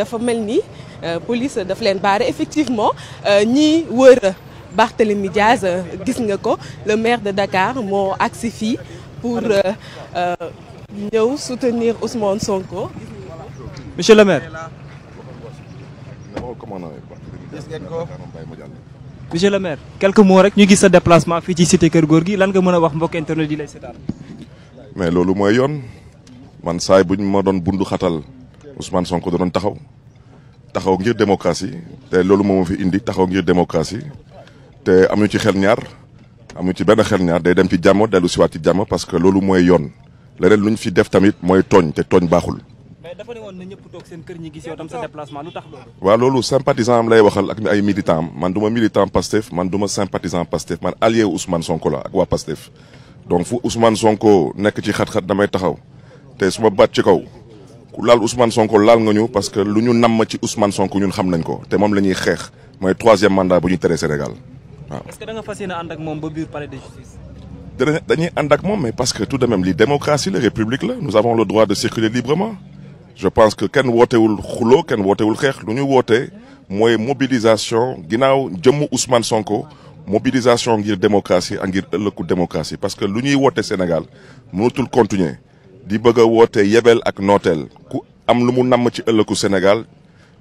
dafa mel ni euh, police daf leen baare effectivement euh, ñi wër Barthélemy Diaz euh, gis nga ko le maire de Dakar moo agsi fii pour ñëw soutenir Ousmane Sonko. monsieur le maire. monsieur le maire quelques mots rek ñu gis sa déplacement fii ci cité Kër Góor gi lan nga mën a wax mbokk internet yi lay seetaan. mais loolu mooy yoon man saay buñ ma doon bundu xatal Ousmane Sonko doon taxaw. taxaw ngir démocratie te loolu moom fi indi taxaw ngir démocratie te amuñu ci xel ñaar am amuñu ci benn xel ñaar day dem ci jàmm dellu siwaat ci jàmm parce que loolu mooy yoon leneen lu ñu fi def tamit mooy tooñ te tooñ baaxul. mais seen kër ñi gis yow tam tax loolu. waaw loolu sympathisant am lay waxal ak ay militant am man du ma militant Pastef man du ma sympathisant Pastef man allié wu Ousmane Sonko la ak waa Pastef donc fu Ousmane Sonko nekk ci xat-xat damay taxaw te suma baat ci kaw. ku laal Ousmane Sonko laal nga ñu parce que lu ñu namm ci Ousmane Sonko ñun xam nañ ko te moom la ñuy xeex mooy troisième mandat bu ñu teree Sénégal waaw. est que da ak moom ba biir palais dañuy ànd ak moom mais parce que tout de même li démocratie la république la nous avons le droit de circuler librement je pense que kenn wootewul xuloo kenn wootewul xeex lu ñu woote mooy mobilisation ginnaaw jëmm Ousmane Sonko mobilisation ngir démocratie ak ngir ëllëgu démocratie parce que lu ñuy woote Sénégal mënatul continuer. di bëgg a woote yebel ak nooteel ku am lu mu namm ci ëllëku Sénégal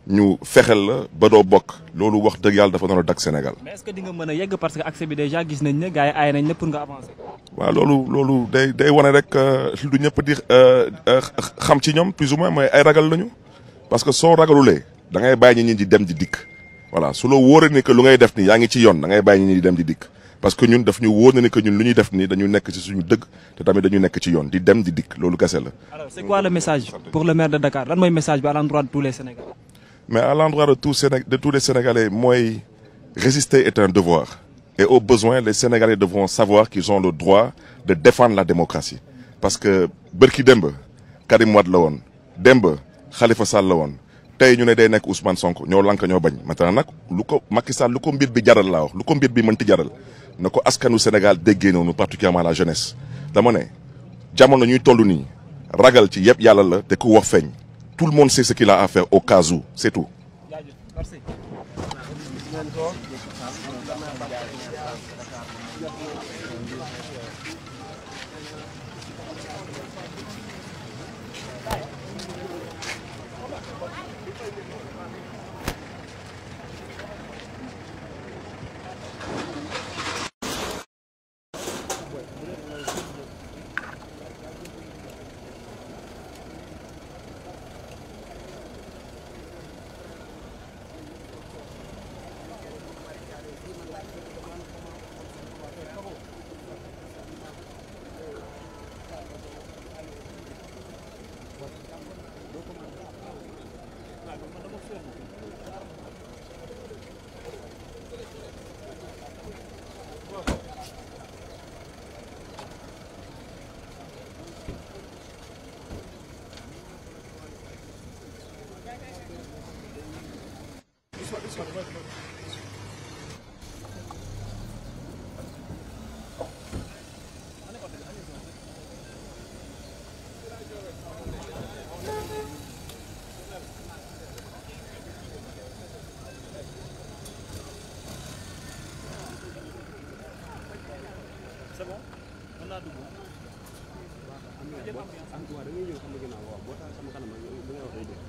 ñu fexel la ba doo bokk loolu wax dëgg yàlla dafa doon dak Sénégal. mais est-ce que nga mën a yegg parce que accès bi déjà gis nañ ne gars yi na nañ ne pour nga avancer. waaw loolu loolu day day wane rek lu euh, ñëpp di euh, euh, xam ci ñoom plus ou moins mooy ay ragal lañu parce que soo ragalulee da ngay bàyyi ñi di dem di dikk voilà su loo wóoree ni que lu ngay def ni yaa ngi ci yoon dangay ngay bàyyi ñi di dem di dikk. parce que ñun daf ñu wóor na ne que ñun lu ñuy def ni dañu nekk ci suñu dëgg te tamit dañu nekk ci yoon di dem di dikk loolu kese la. alors c'est quoi le message pour le maire de Dakar lan mooy message bi à l'endroit de tous les Sénégalais. de tous Séné de tous les Sénégalais mooy résister est un devoir. et au besoin les Sénégalais devront savoir qu'ils ont le droit de défendre la démocratie parce que bërki démb Karim Wade la woon démb xalifa Sall la woon. tey ñu ne day nekk Ousmane Sonko ñoo lank ñoo bañ maintenant nag lu ko Macky Sall lu ko mbir bi jaral laa wax lu ko mbir bi mënti jaral. na ko askanu Sénégal déggee noonu particulièrement la jeunesse dama ne jamono ñuy toll nii ragal ci yëpp yàlla la te ku wax feeñ tout le monde sait ce à faire au cas où Isso, isso, isso, isso. c'est bon mën naa dugg. waaw am na boo am waaw da ngay ñëw sama ginnaaw waaw boo taal sama kanam da ngay wax day dégg.